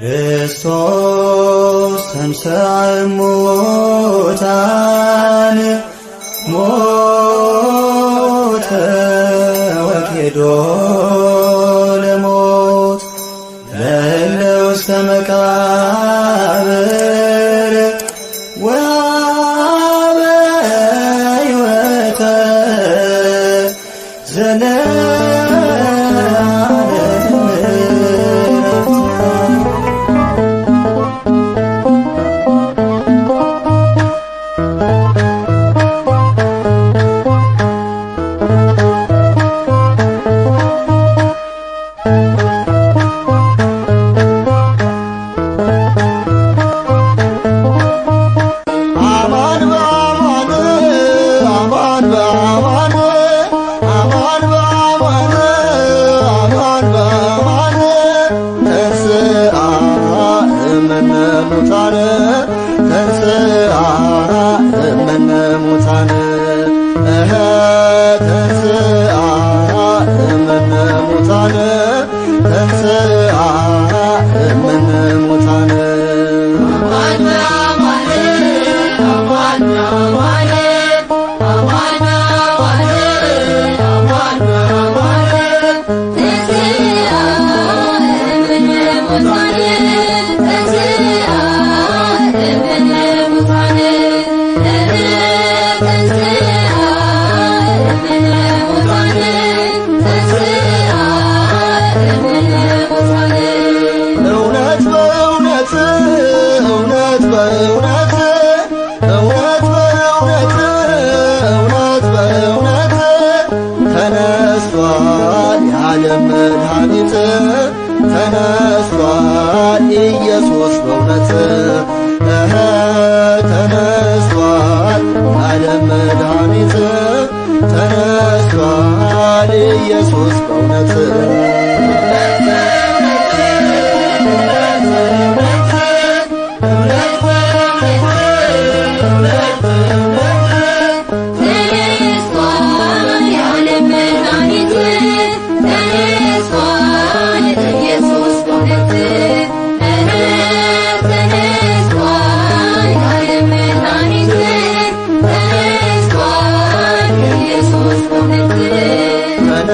ክርስቶስ ተንሥአ እሙታን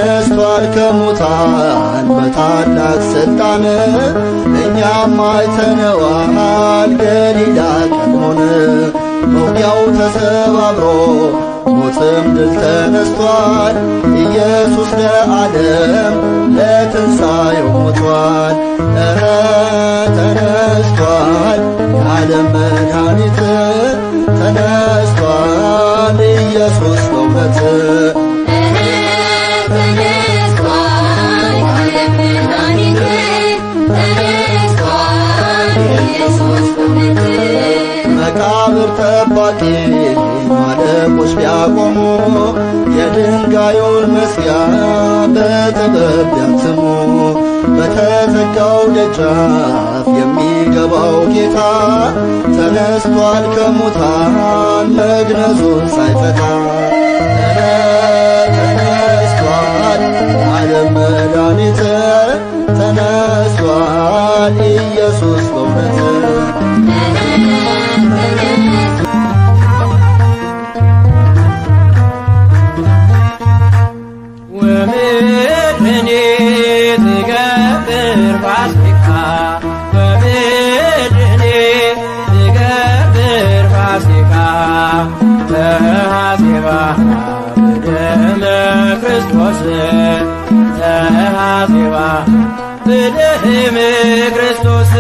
ተነስቷል ከሙታን በታላቅ ስልጣን እኛም አይተነዋል ገሊላ ቀድሞን መውጊያው ተሰባብሮ ሞትም ድል ተነስቷል ኢየሱስ ለዓለም ለትንሣኤው ሞቷል እረ ተነስቷል የዓለም መድኃኒት ተነስቷል ኢየሱስ በእውነት ኃጢ ማለቆች ቢያቆሙ የድንጋዩን መዝጊያ በጥበብ ቢያትሙ በተዘጋው ደጃፍ የሚገባው ጌታ ተነስቷል ከሙታን መግነዙን ሳይፈታ ክርስቶስ ተሃዚባ ብድህም ክርስቶስ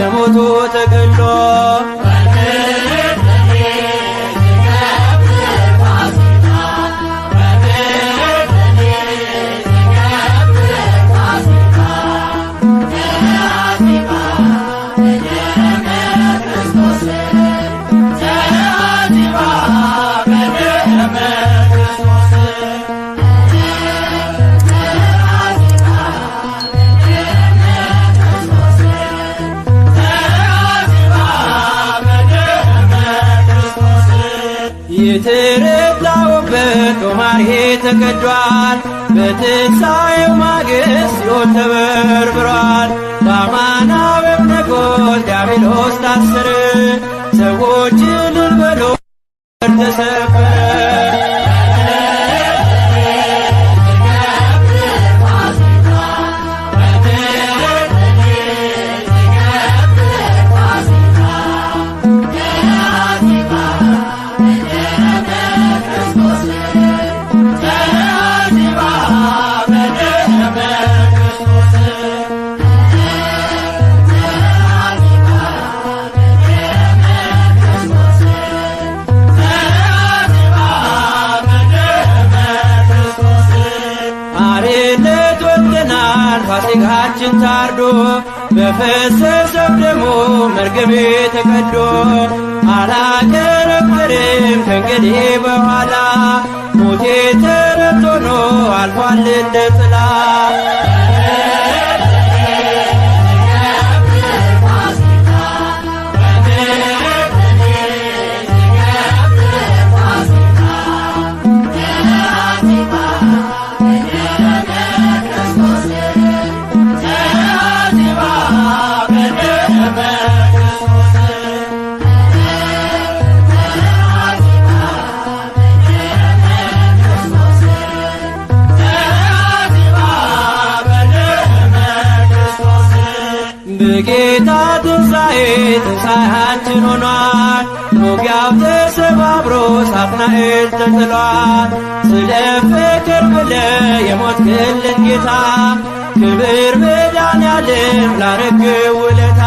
ለሞቱ ተገሎ ተቀዷል። በትንሣኤው ማግስት ሲኦል ተበርብሯል። በፈሰሰው ደግሞ መርገሜ ተቀዶ አላከረከርም ከእንግዲህ በኋላ ሞቴ ተረድቶ ነው አልፏል እንደ ጥላ እንትን ሆኗል። ውጊያው ተሰባብሮ ሳጥናኤል ተጥሏል። ስለ ፍቅር ብለ የሞት ክልን ጌታ ክብር መድኃኔዓለም ላረግ ውለታ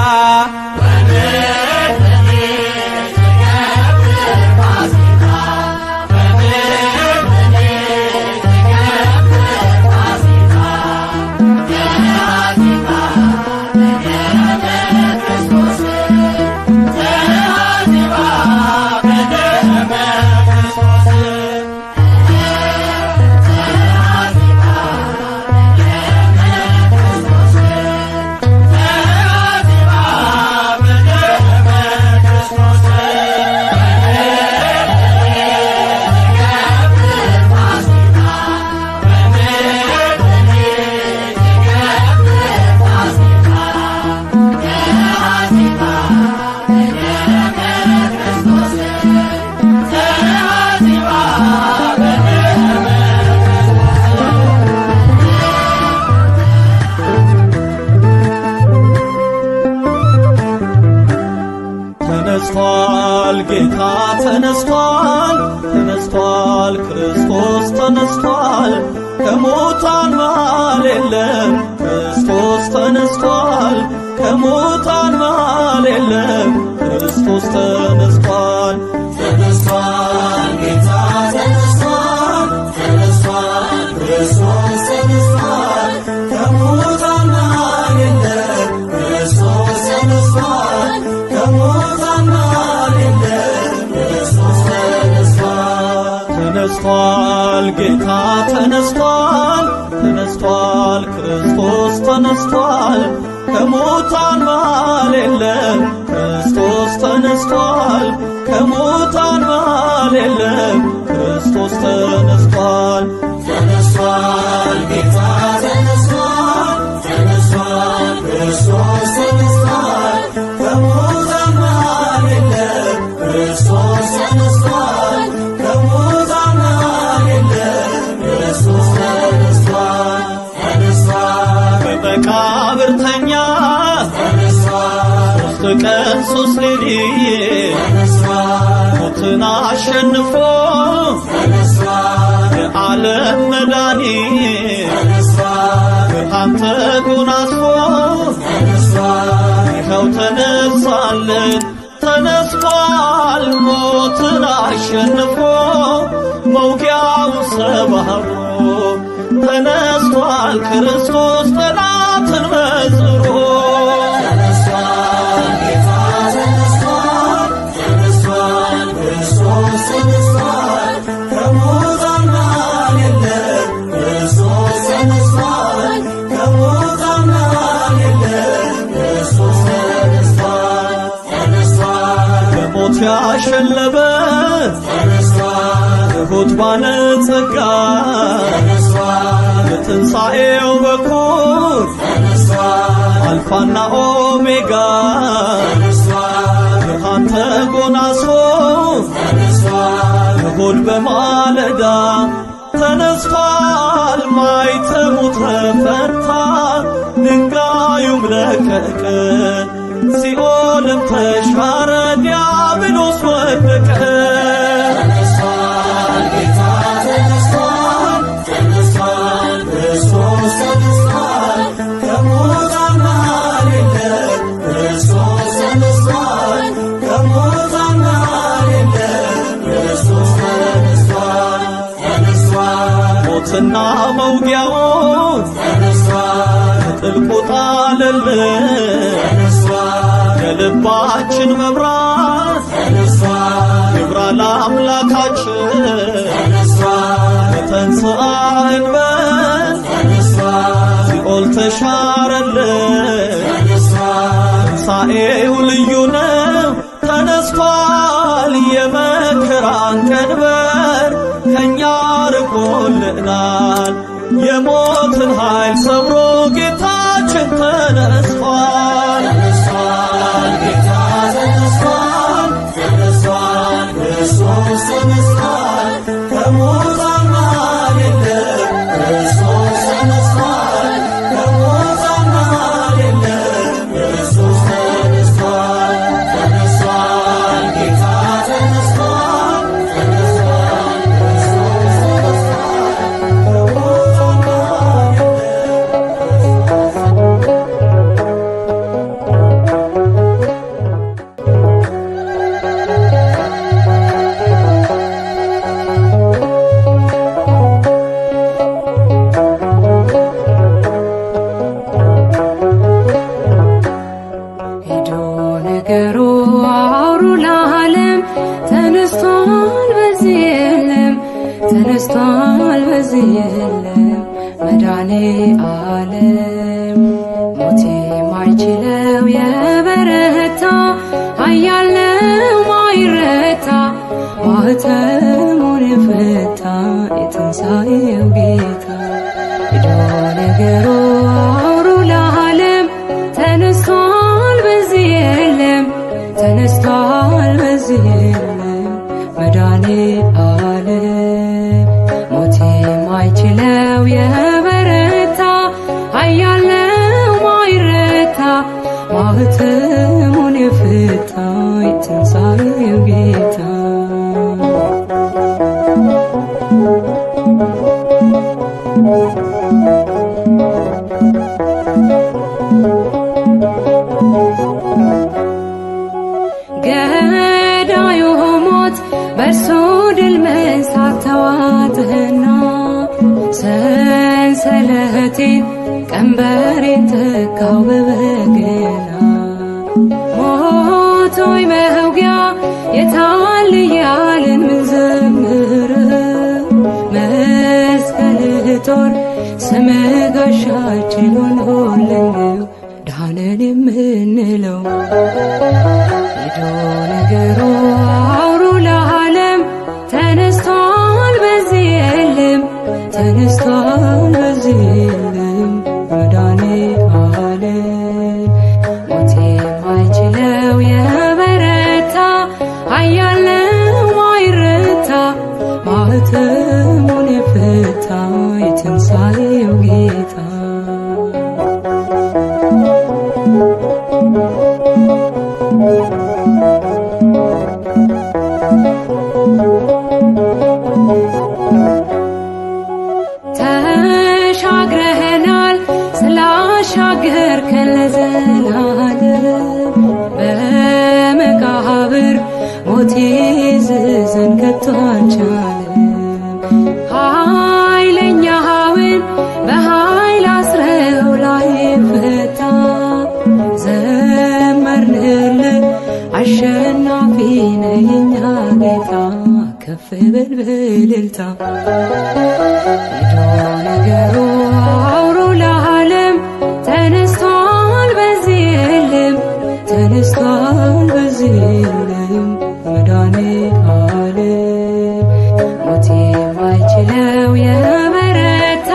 ተነስቷል፣ ጌታ ተነስቷል፣ ተነስቷል፣ ክርስቶስ ተነስቷል። ከሙታን መሃል የለም፣ ክርስቶስ ተነስቷል። ከሙታን መሃል የለም፣ ክርስቶስ ተነስቷል፣ ተነስቷል ጌታ ኢየሱስ ልልዬ ሞትን አሸንፎ የዓለም መዳኒ አንተ ጎናትፎ ይኸው ተነሳለን ተነስቷል ሞትን አሸንፎ መውጊያው ሰባብሮ ተነስቷል ክርስቶስ ተና የሸለበት ትሑት ባለ ጸጋ የትንሣኤው በኩር አልፋና ኦሜጋ ብርሃን ተጎናጽፎ እሁድ በማለዳ ተነስቷል ማይተሙ ተፈታ ድንጋዩም ረቀቀ ሲኦልም ተሻረ ሞትና መውጊያውን ጥልቁ ጣለልን የልባችን መብራት ተሻረለ ሳኤው የለም መዳኔ Thank you. काठिन होलंग በዚህ የለም መዳኔ አለ ሞት የማይችለው የበረታ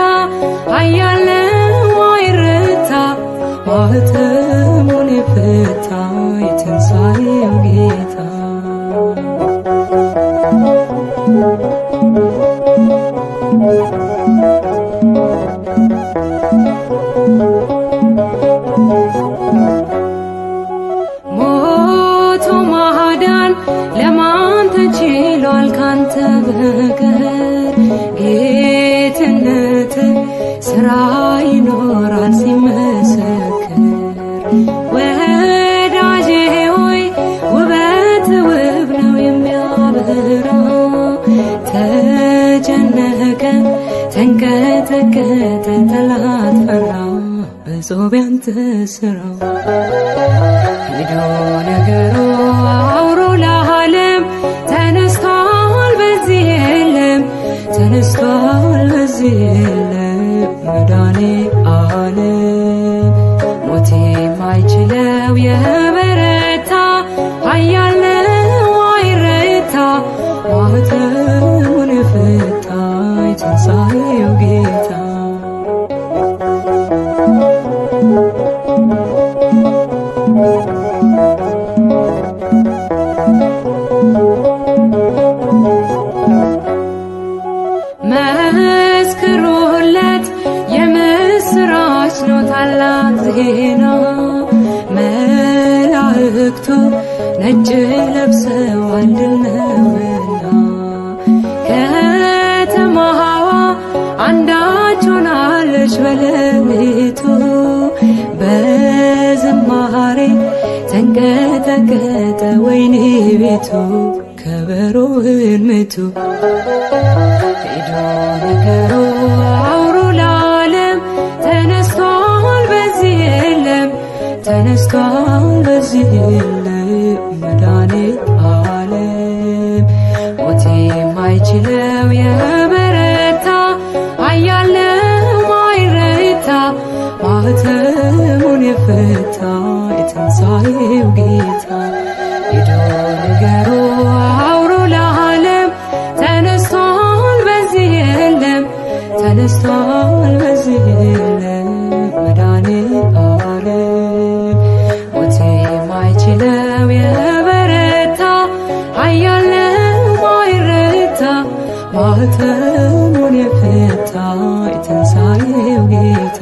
አያለው አይረታ ማህተሙን የፈታ የትንሣኤው ጌታ ብዙ ቢያንተ ስራው ሄዶ ነገሩ አውሮ ለዓለም ተነስቷል በዚህ የለም ተነስቷል በዚህ የለም መዳኔ አለ ሞቴ ማይችለው የበ ነሽ በለቤቱ በዝማሬ ተንቀጠቀጠ ወይኔ ቤቱ ከበሮ ህልምቱ ሄዶ ነገሩ አውሩ ለዓለም ተነስቷል በዚህ የለም ተነስቷል በዚህ የለም መድኃኔ ዓለም ሞት የማይችለው ፈታ የትንሣኤው ጌታ ሂዶ ንገሩ አውሩ ለዓለም ተነስቷል በዚህ የለም ተነስቷል በዚህ የለም መድኃኒተ ዓለም ሞት የማይችለው የበረታ ኃያል ነው የፈታ የትንሣኤው ጌታ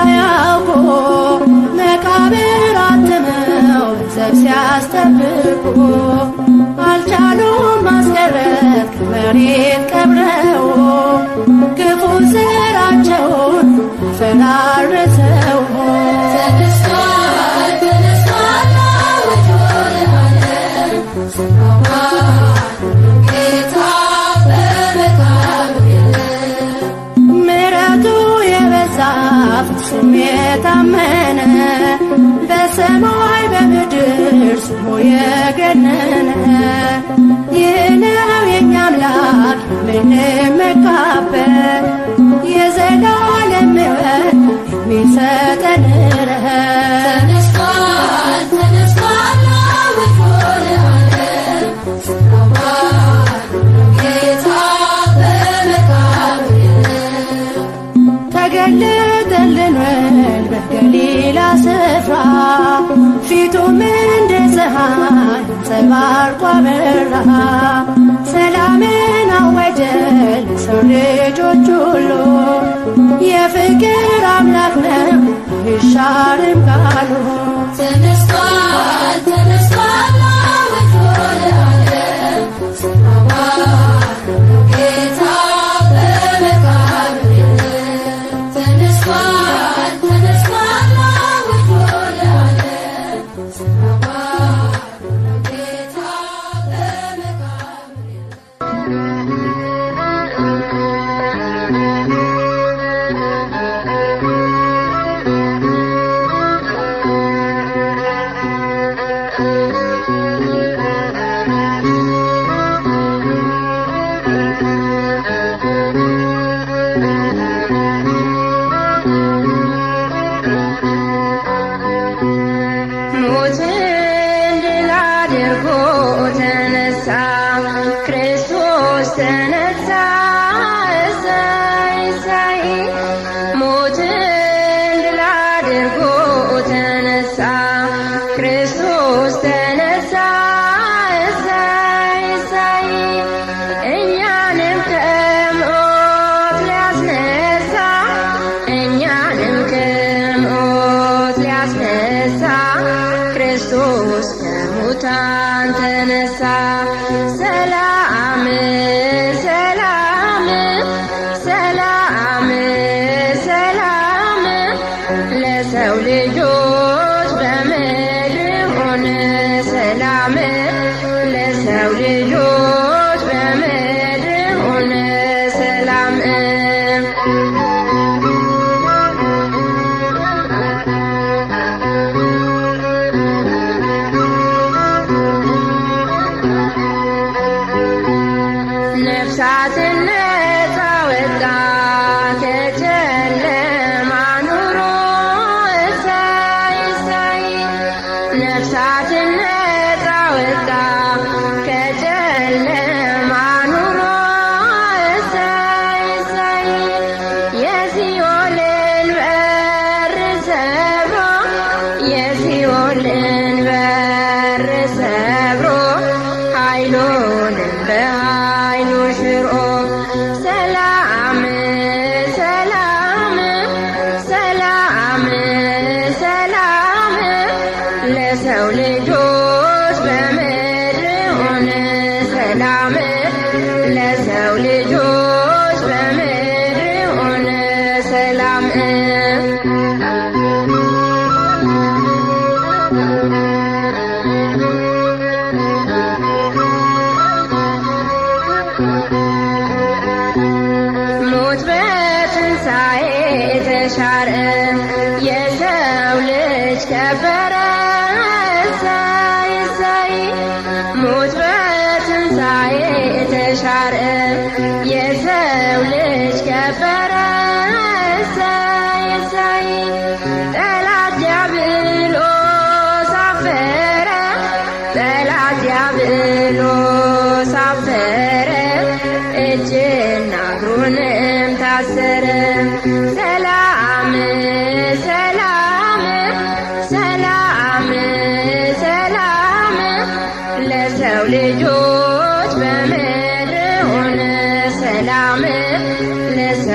ሳያውቁ መቃብር አትመው ሰብ ሲያስጠብቁ አልቻሉም ማስቀረት ከመሬት ቀብረው ክፉ ስራቸውን ፈራርሰው በገሊላ ስፍራ ፊቱም እንደ ፀሐይ አንጸባርቆ አበራ። ሰላምን አወጀ ለሰው ልጆች ሁሉ የፍቅር አምላክ ነው ይሻልም ቃሉ ተነስቷል ተነስቷል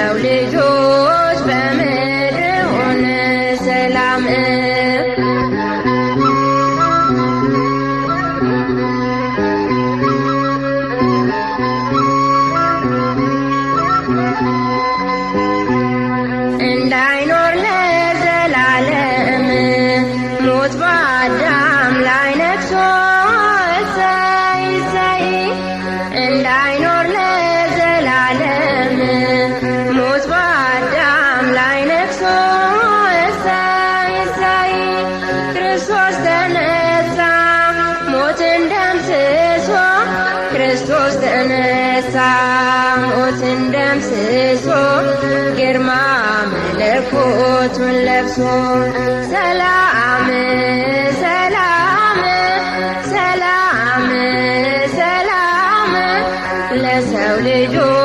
now little जो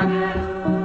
Thank you.